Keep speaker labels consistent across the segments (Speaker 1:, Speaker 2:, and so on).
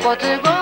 Speaker 1: 뻗들고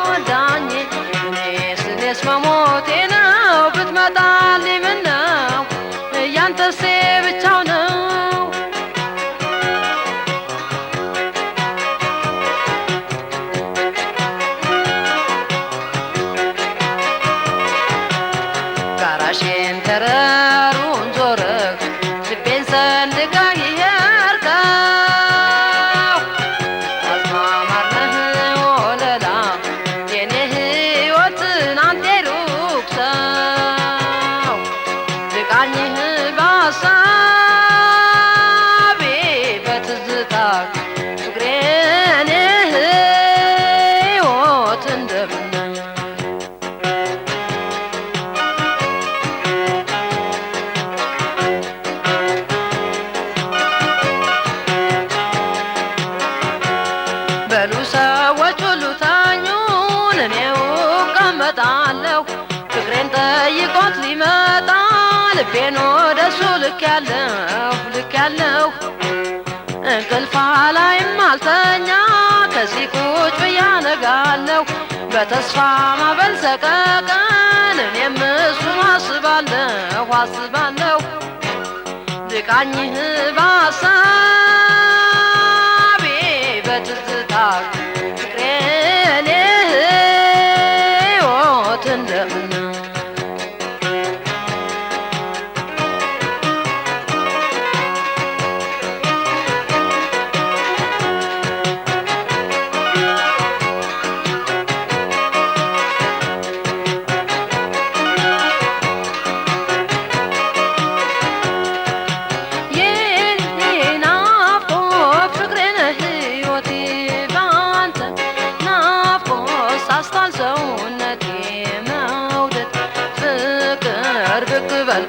Speaker 1: አለው ፍቅሬን ጠይቆት ሊመጣ ልቤን ወደሱ ልክ ያለው ልክ ያለው እንቅልፋ ላይም አልተኛ ከዚህ ቁጭ ብያነጋለሁ በተስፋ ማበል ሰቀቀን እኔም እሱን አስባለሁ አስባለሁ ድቃኝህ ባሳቤ በትዝታ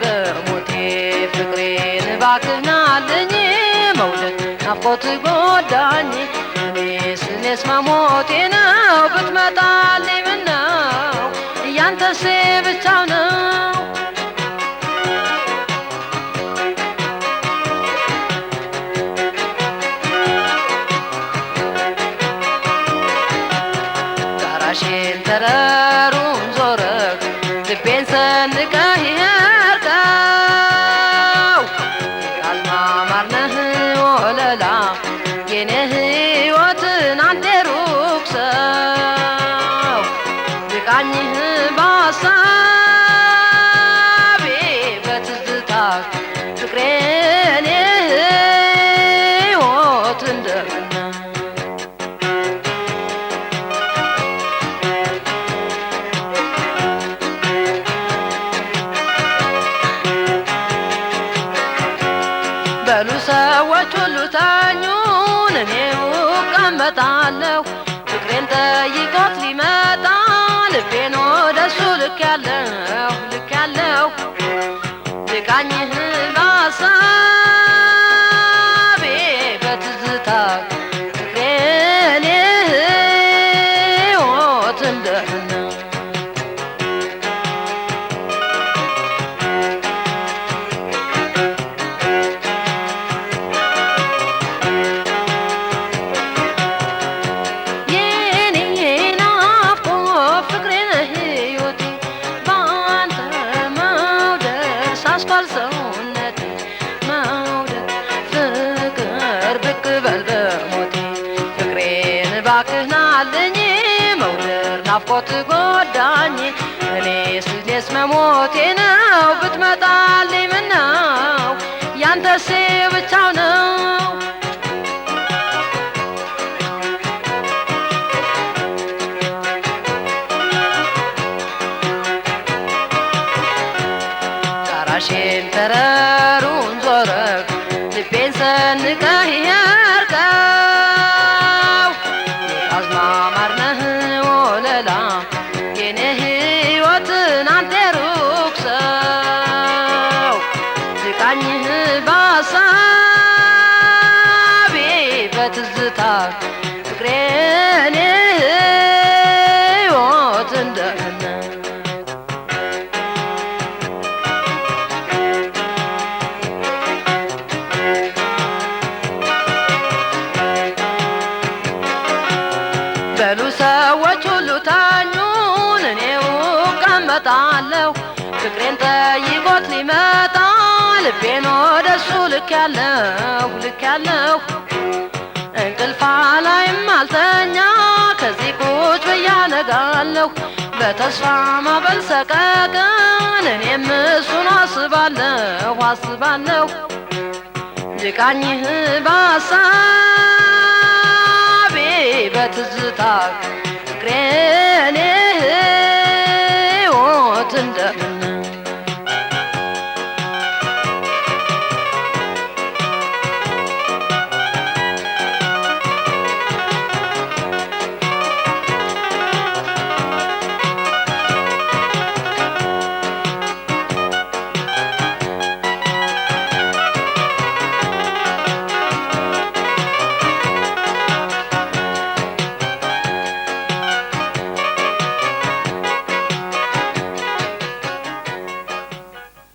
Speaker 1: በሞቴ ፍቅሬን ባክናልኝ መውደድ ናፍቆት ጎዳኝ እኔ እኔስ መሞቴ ነው ብትመጣልኝ ምነው እያንተሴ ብቻው ነው ራሽን ተረሩን ዞረክ ልቤን ሰንቀህ ቃኝህ በሀሳቤ በትዝታ ሰዎች ሁሉ ተኙን እኔው እቀመጣለሁ ፍቅሬን ጠይቆት ሊመ அழகு வாசா ናፍቆት ጎዳኝ እኔ እኔስ መሞቴ ነው ብትመጣልኝ ምነው ያንተስ ብቻው ነው ጠራሽን ተረሩን ዞረግ ልቤን ሰንቀህያር ባሳቤ በትዝታ በሉ ሰዎች ሁሉ ታኙን እኔው ቀመጣለሁ ፍቅሬን ጠይቆት ሊመጣ ልቤን ወደሱ ልክ ያለሁ ልክ ያለሁ እንቅልፋ ላይም አልተኛ ከዚህ ቁጭ ብያነጋለሁ በተስፋ ማበል ሰቀቀን እኔም እሱን አስባለሁ አስባለሁ ድቃኝህ ባሳቤ በትዝታ ፍቅሬ